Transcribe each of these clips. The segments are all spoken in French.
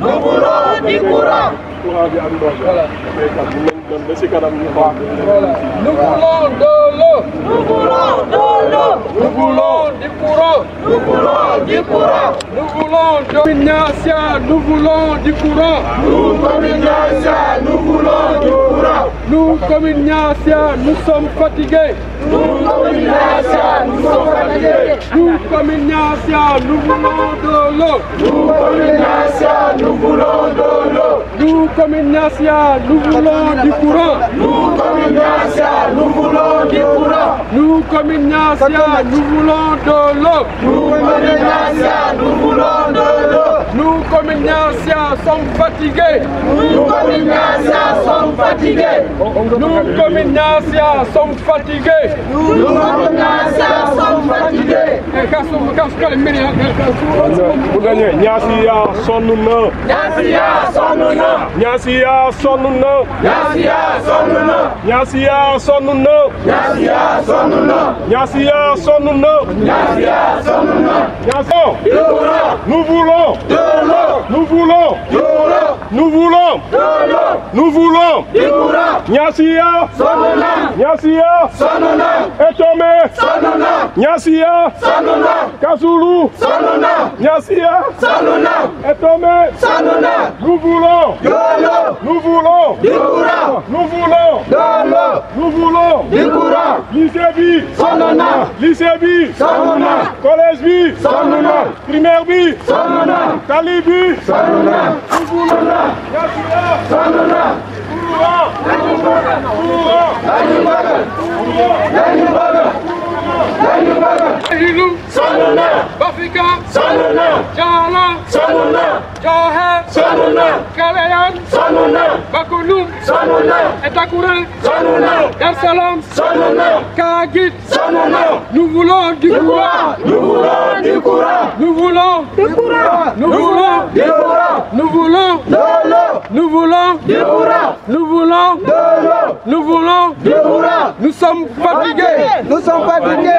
Nous voulons du courant. de l'eau. Nous voulons de l'eau. courant. nous voulons de l'Ignatia. nous voulons du courant. Nous nous voulons du courant. Nous nous sommes fatigués. Nous, comme une nous voulons de l'eau. Nous, comme une nous voulons de l'eau. Nous, comme une nous voulons du courant. Nous, comme une nation, nous voulons du courant. Nous, comme nous voulons de l'eau. Nous, comme une nous voulons de l'eau. Nous, communications, sommes fatigués. Nous, sommes fatigués. Nous, communications, sommes fatigués. Nous, communications, sommes fatigués. Nyasiya Nyasiya Nyasiya Nyasiya Nyasiya Nyasiya Nyasiya son Nyasiya Nous voulons nous voulons de Nous voulons voulons Dolo. Nous voulons Dibura Nyasia Sonona Nyasia Sonona Etome Sonona Nyasia Sonona Kazulu Sonona Nyasia Sonona Etome Sonona Nous voulons Yolo Nous voulons Dikura Nous voulons Dolo Nous voulons Dikura Lycée Sonona Lycée Sonona Collège vie Sonona Primaire vie Sonona Talibi Sonona Nous voulons Sonuna! Naji Bagar! Naji Bagar! Naji Nous voulons du courage Nous voulons du courage Nous voulons du courage Nous voulons du courage Nous voulons de l'eau Nous voulons du courage Nous voulons de l'eau Nous sommes fatigués Nous sommes fatigués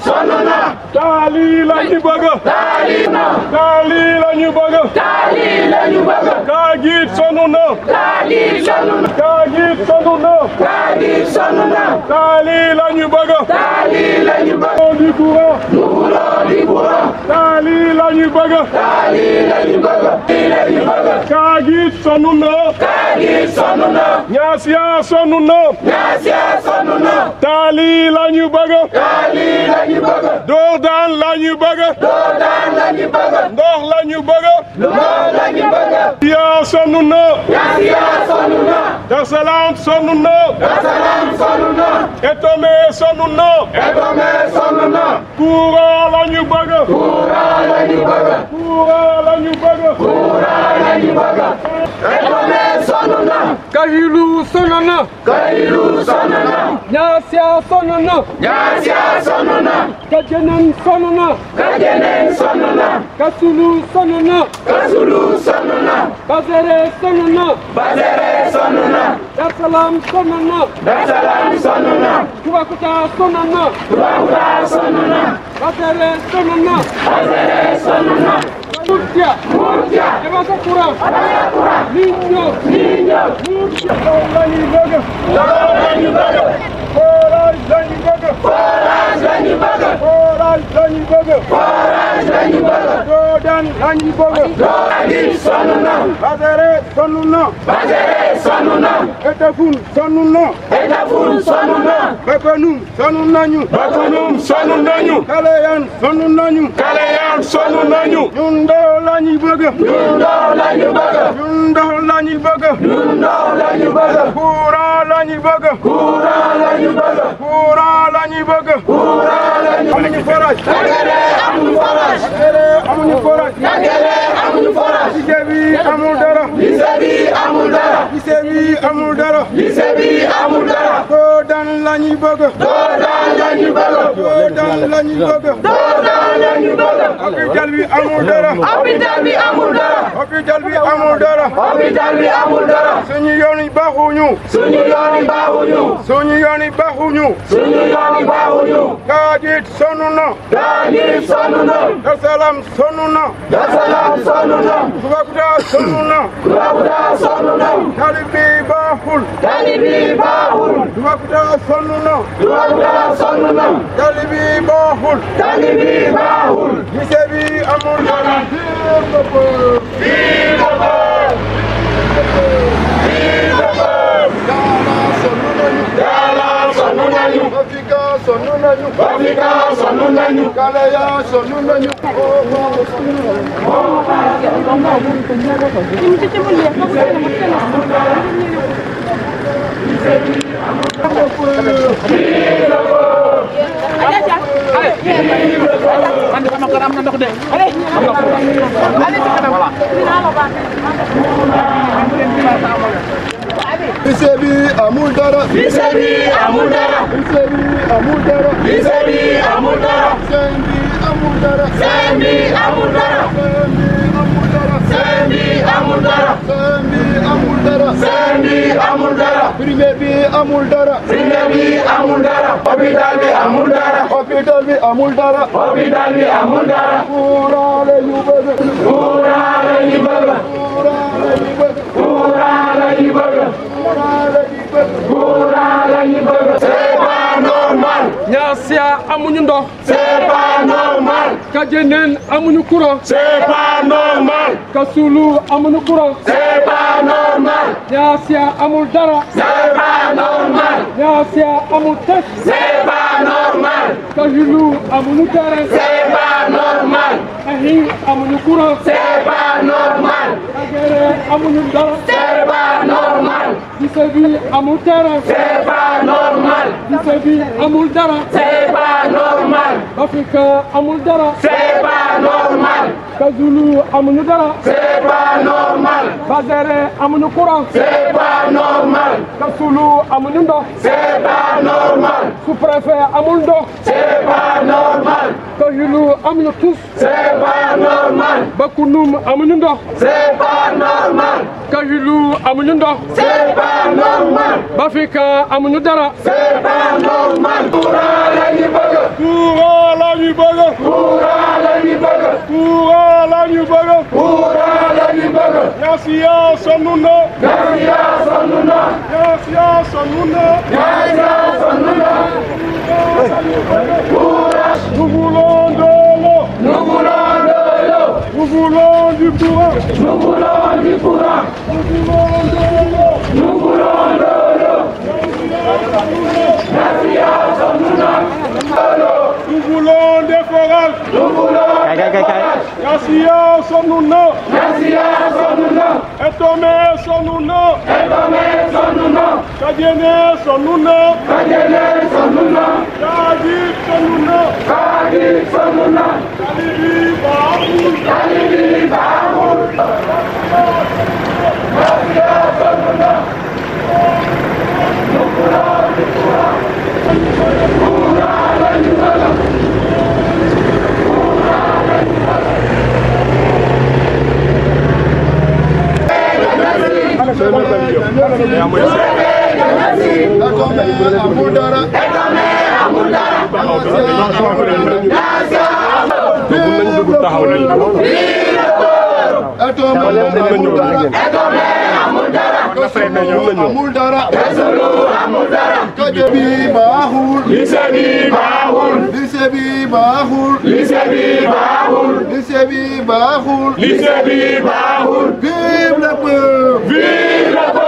Samuna taali la ñu bëgg taali na taali la ñu bëgg taali la ñu bëgg kaa gi sonu na taali sonu na la ñu bëgg la ñu bëgg du courant Taali la ñu bëgg. Taali la ñu bëgg. Taali la ñu bëgg. Kaagit sonu na. Kaagit sonu na. Ñaasiya sonu na. Ñaasiya sonu na. Taali la ñu bëgg. Taali la ñu bëgg. Doodaan la ñu bëgg. Doodaan la ñu bëgg. Ndox la ñu bëgg. Ndox la ñu bëgg. Yaa sonu na. Ñaasiya sonu na. Dassalam sonunna. Dassalam sonunna. Etome sonunna. Etome sonunna. Kura la ñu bëgg. Kura la ñu bëgg. Kura la ñu bëgg. Kura la ñu bëgg. Etome sonuna. Kahilu sonuna. Kahilu sonuna. Yasya sonuna. Yasya sonuna. Kacenen sonuna. Kacenen sonuna. Kasulu sonuna. Kasulu sonuna. Bazere sonuna. Bazere sonuna. Darsalam sonuna. Darsalam sonuna. Kuvakuta sonuna. Kuvakuta sonuna. Bazere sonuna. Bazere sonuna. Murcia! Murcia! Levanta a Curã! Ataca a Curã! de Niños! Dá Toma, Nivaga! de Nivaga! Zani Burger! Lani Lani Lani Lani Kura Lani la ñuy bëgg. courant dara. lycée bi amul dara. dara. daan la ñu bëgg. doo daan la ñu bëgg. doo daan la ñu bëgg. doo daan la ñu bëgg. hôpital bi amul dara. hôpital bi amul dara. hôpital bi amul dara. hôpital bi amul dara. suñu yoon yi baaxuñu. suñu yoon yi baaxuñu. suñu yoon yi baaxuñu. suñu yoon yi baaxuñu. Tacit sonunu. Tacit sonunu. Yasalam sonunu. Yasalam sonunu. Kuvakura sonunu. Kuvakura sonunu. Talibi bahul. Talibi bahul. Kuvakura sonunu. Kuvakura sonunu. Talibi bahul. Talibi bahul. Lisevi amur. Yalan. Bir kapı. Bir kapı. Bir kapı. nunanyu Bafika so nunanyu Ada Bisebi amul dara. Bisebi amul dara. Bisebi amul dara. Bisebi amul dara. Sëñ bi amul dara. Sëñ bi amul dara. Sëñ bi amul dara. Sëñ bi amul dara. Sëñ bi amul dara. primaire bi amul dara. primaire bi amul dara. hôpital bi amul dara. hôpital bi amul dara. hôpital bi amul dara. Sia amuñu ndox. c'est pas normal. Kajenen amuñu courant. c'est pas normal. Kasulu amuñu courant. c'est pas normal. Niassia amul dara. c'est pas normal. Niassia amul test. c'est pas normal. Kajulu amuñu terrain. c'est pas normal. Ahi amuñu courant. c'est pas normal. Kagere amuñu dara. c'est pas normal. Gisevi amul terrain. c'est pas normal. normal. lycée bi amul dara. c'est pas normal. Afrique amul dara. c'est pas normal. Kazulu amuñu dara. c'est pas pas normal. Bazere amuñu courant. c'est pas normal. Kasulu amuñu ndox. c'est pas normal. sous-préfet amul ndox. c'est normal. Kahilu amuñu tous. c'est pas normal. normal. Kahilu amuñu ndox. c'est pas normal. Bafika normal. courant la ñu bëgg. courant la ñu bëgg. courant la ñu bëgg. courant la ñu bëgg. sonnuno à sonnuno nous voulons de l'eau nous voulons de l'eau nous voulons du courant nous voulons du nous voulons de l'eau nous voulons de l'eau nous voulons des forages nous voulons Yassiya, sommes nous non Yassiya, sommes nous non Etomé, sommes nous non Etomé, sommes nous non Kadiene, sommes nous non Kadiene, sommes nous non Kadib, sommes nous non Kadib, sommes nous non Kadibi, Bahoud Kadibi, Bahoud Yassiya, sommes nous non Nukura, Nukura Nukura, Nukura Eto me amudara. Eto me amul dara Rasulu amul dara kaje bi baaxul lycée bi baaxul lycée bi baaxul lycée bi baaxul lycée bi baaxul lycée bi baaxul vive le peuple vive le peuple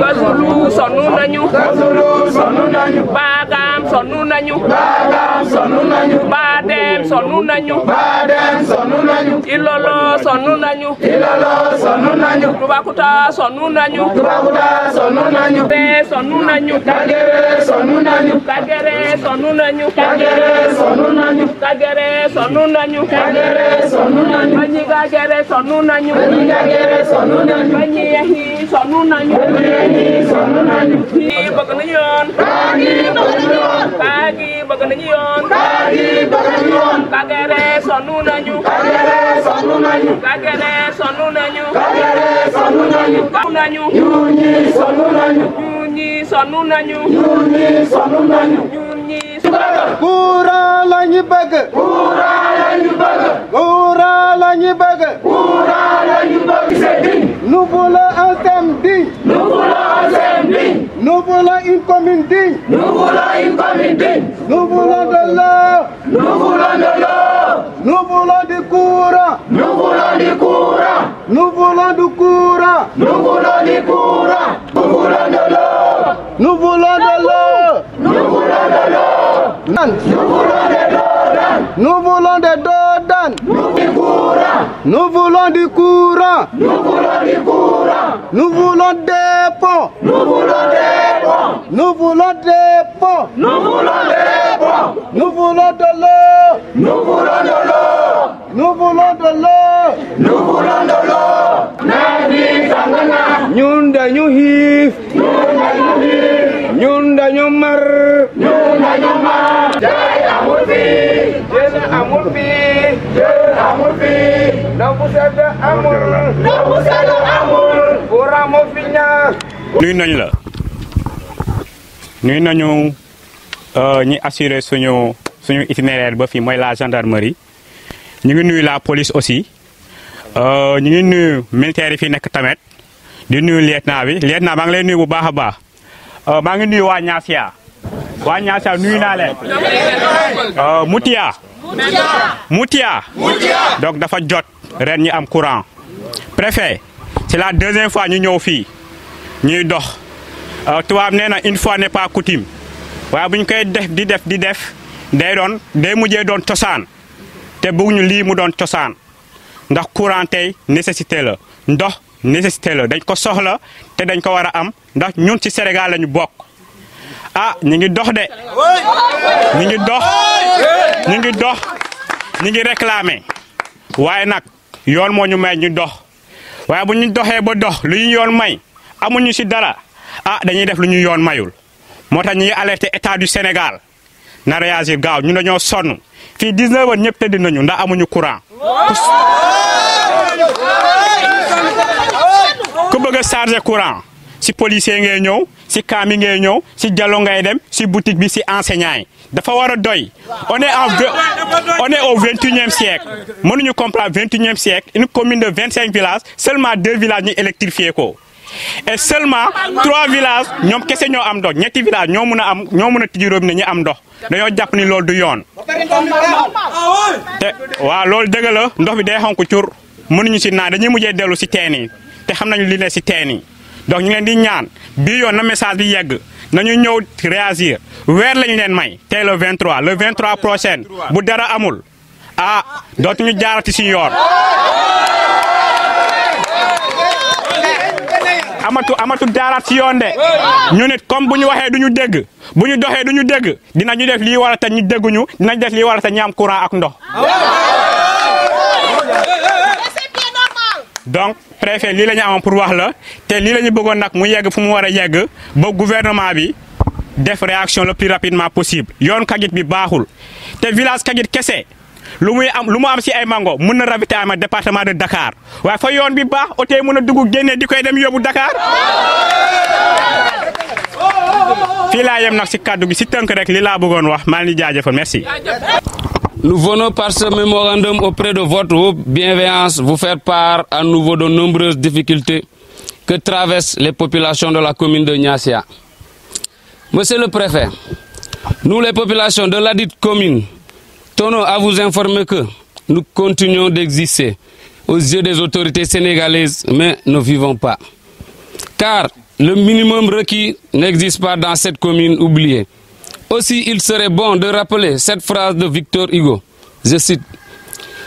Gazulu sonn nañu. Gazulu sonn nañu. Baagaam sonn nañu. Baagaam sonn nañu. sok nunayu. Bengi sok nunayu. Pagi bakenyon. Pagi bakenyon. Pagi bakenyon. Pagi bakenyon. Kagere sok nunayu. Kagere sok Yunyi sok Yunyi sok Yunyi sok Yunyi sok Kura lanyi bag. Kura lanyi bag. Kura lanyi bag. Kura Nous Nous Nous voulons voulons voulons un un une Nubula Azam Ding. Nubula Azam Ding. Nubula incoming Ding. Nubula incoming Ding. Nubula the law. Nubula the law. Nubula the Kura. Nubula the Kura. Nubula the Kura. Nubula the Kura. Nubula the law. Nubula the law. Nubula the law. Nubula the law. Nous voulons du courant. Nous voulons du courant. Nous voulons des ponts. Nous voulons des ponts. Nous voulons des ponts. Nous voulons des ponts. Nous voulons de l'eau. Nous voulons de l'eau. Nous voulons de l'eau. Nous voulons de l'eau. Nous Sangana. Ñun dañu nous Ñun dañu l'eau, jën amul nañ la nuyu nañu euh, ñi assuré suñu suñu itinéraire ba fii mooy la gendarmerie ñu ngi nuyu la police aussi euh, ñu ngi nuyu militaire yi fi nekk tamit di nuyu naa bi lieutenant maa ngi lay nuyu bu baax a baax euh, maa ngi nuyu waa Niassia waa Niassia nuyu naa leen Mutia. Moutia donc dafa jot ren ñi am courant préfet c'est la deuxième fois ñu ñëw fii ñuy dox euh, tubaab nee na une fois n'est pas coutume waaye bu ñu koy def di def di def day doon day mujjee doon cosaan te bëgguñu lii mu doon cosaan ndax courant tey nécessité la ndox nécessité la dañ ko soxla te dañ ko war a am ndax ñun ci Sénégal la ñu bokk a ah, ñu ngi dox de ñu ngi dox ñu ngi dox ñu ngi waaye nag yoon moo ñu may ñu dox waaye bu ñu doxee ba dox lu ñu yoon may amuñu ci dara ah dañuy def lu ñu yoon mayul moo tax ñu ngi alerter état du Sénégal na réagir gaaw ñu dañoo sonn fii 19 heures ñëpp tëdd nañu ndax amuñu courant ku bëgg a charger courant ci policier ngay ñëw. si camp mi ngay ñëw si Diallo ngay dem si boutique bi si enseignant yi dafa wara doy on est en on est au 21e siècle ñu comprendre 21e siècle une commune de 25 villages seulement deux villages ñu électrifié ko et seulement trois villages ñom kessé ñoo am do ñetti village ñoo mëna am ñoo mëna tiji rom robinet ñu am do dañu japp ni lool du yoon wa lool loolu la ndox bi day xonk cur mënuñu si naan dañuy mujjee dellu si teen yi te xam nañu li ne ci téni donc ñu leen di ñaan bii yoon na message bi yegg nañu ñëw réagir weer lañu leen may tey le 23 le 23 prochain bu dara amul ah dootuñu jaarati si yoon. amatu amatu jaaraat si yoon ñu nit comme bu ñu waxee du ñu dégg bu ñu doxee du ñu dégg dinañu def lii war a te ñu dégguñu dinañ def lii war a te ak ndox. donc préfet li lañu am pour wax la té li lañu bëggon nak mu yegg fu mu wara yegg ba gouvernement bi def réaction le plus rapidement possible yon kagit bi baxul té village kagit kessé lu muy am lu mu am ci ay mango mëna am département de Dakar way fa yon bi bax oté mëna duggu génné dikoy dem yobu Dakar fi la yam nak ci kaddu gi ci teunk rek li la bëggon wax mal ni jaajeufal merci Nous venons par ce mémorandum auprès de votre haute bienveillance vous faire part à nouveau de nombreuses difficultés que traversent les populations de la commune de Niasia. Monsieur le préfet, nous les populations de la dite commune tenons à vous informer que nous continuons d'exister aux yeux des autorités sénégalaises, mais ne vivons pas. Car le minimum requis n'existe pas dans cette commune oubliée. Aussi, il serait bon de rappeler cette phrase de Victor Hugo. Je cite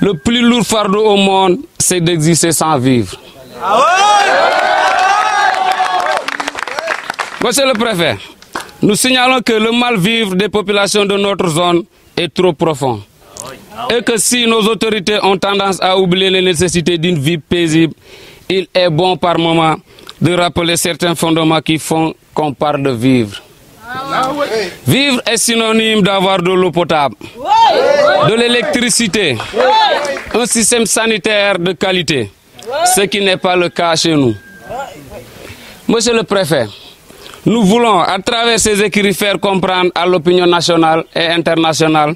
Le plus lourd fardeau au monde, c'est d'exister sans vivre. Monsieur le préfet, nous signalons que le mal-vivre des populations de notre zone est trop profond. Et que si nos autorités ont tendance à oublier les nécessités d'une vie paisible, il est bon par moment de rappeler certains fondements qui font qu'on parle de vivre. Vivre est synonyme d'avoir de l'eau potable, de l'électricité, un système sanitaire de qualité, ce qui n'est pas le cas chez nous. Monsieur le préfet, nous voulons, à travers ces écrits, faire comprendre à l'opinion nationale et internationale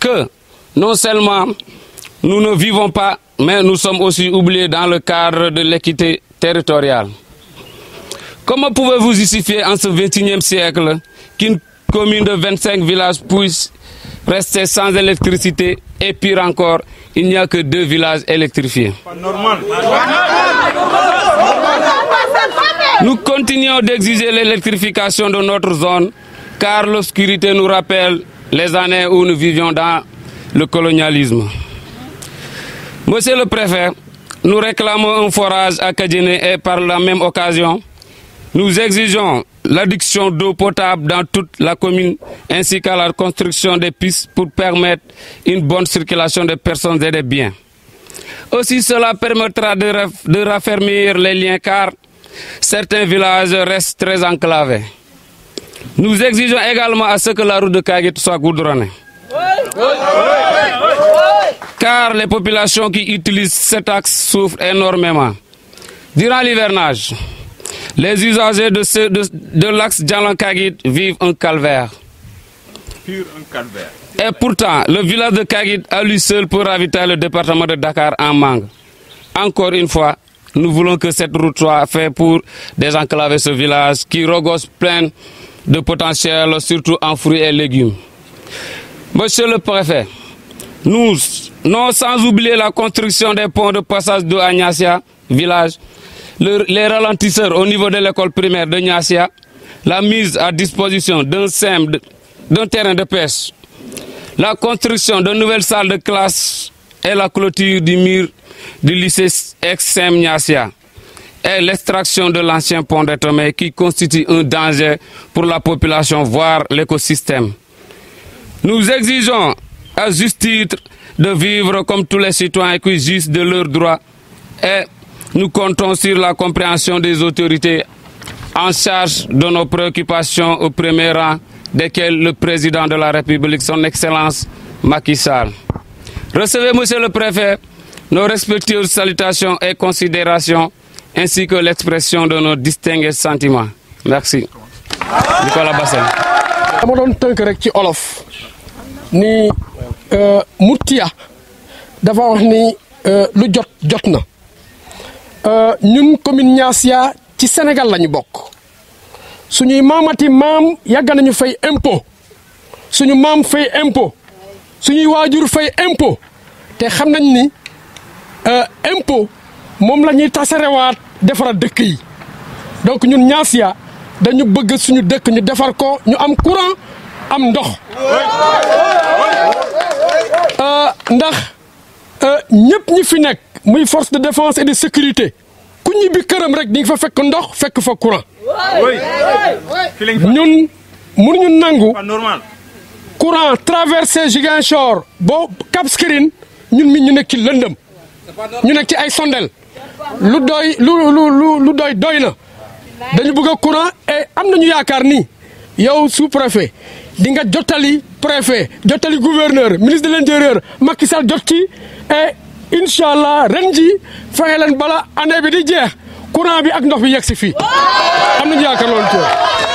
que non seulement nous ne vivons pas, mais nous sommes aussi oubliés dans le cadre de l'équité territoriale. Comment pouvez-vous justifier en ce 21e siècle qu'une commune de 25 villages puisse rester sans électricité et pire encore, il n'y a que deux villages électrifiés Nous continuons d'exiger l'électrification de notre zone car l'obscurité nous rappelle les années où nous vivions dans le colonialisme. Monsieur le préfet, nous réclamons un forage à et par la même occasion nous exigeons l'addiction d'eau potable dans toute la commune ainsi qu'à la construction des pistes pour permettre une bonne circulation des personnes et des biens. Aussi cela permettra de, raffermir les liens car certains villages restent très enclavés. Nous exigeons également à ce que la route de Kaget soit goudronnée. Car les populations qui utilisent cet axe souffrent énormément. Durant l'hivernage, les usagers de, de, l'axe Djalan-Kagit vivent un calvaire. calvaire. Et pourtant, le village de Kagit a lui seul pour ravitailler le département de Dakar en mangue. Encore une fois, nous voulons que cette route soit faite pour désenclaver ce village qui regorge plein de potentiel, surtout en fruits et légumes. Monsieur le préfet, nous, non sans oublier la construction des ponts de passage de Agnasia, village, les ralentisseurs au niveau de l'école primaire de Nyasia, la mise à disposition d'un terrain de pêche, la construction de nouvelles salles de classe et la clôture du mur du lycée ex-SEM Nyasia et l'extraction de l'ancien pont d'être qui constitue un danger pour la population, voire l'écosystème. Nous exigeons à juste titre de vivre comme tous les citoyens qui jouissent de leurs droits et nous comptons sur la compréhension des autorités en charge de nos préoccupations au premier rang, desquelles le président de la République, son Excellence Macky Sall. Recevez, Monsieur le Préfet, nos respectueuses salutations et considérations, ainsi que l'expression de nos distingués sentiments. Merci. Nicolas Bassel. Euh, ñun commune Niassia ci Sénégal la ñu bokk suñuy maamati maam yàgg nañu fay impôt suñu maam fay impôt suñuy waajur fay impo te xam nañ ni euh, impôt moom la ñuy tasarewaat defaraat dëkk yi donc ñun Niassia dañu bëgg suñu dëkk ñu defar ko ñu am courant am ndox euh, ndax ñëpp ñi fi nekk. muy force de défense et de sécurité ku ñibbi këram rek di nga fa fekk ndox fekk fa courant. ñun mënuñu nangu. courant traversé Ziguinchor ba Cap Skirring ñun mi ñu nekk ci lëndëm ñu nekk ci ay sondel lu doy lu lu lu doy doy na dañu bëgg courant et am nañu yaakaar ni yow sous-préfet di nga jotali préfet Jotali gouverneur ministre de l'intérieur Macky Sall jot ci et. incha allah ren ji fexe leen bala année bi di jeex courant bi ak ndox bi yegg si fii am nañu yaakaar